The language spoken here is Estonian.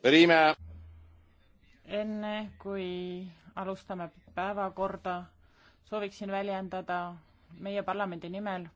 Prima. enne kui alustame päevakorda, sooviksin väljendada meie parlamendi nimel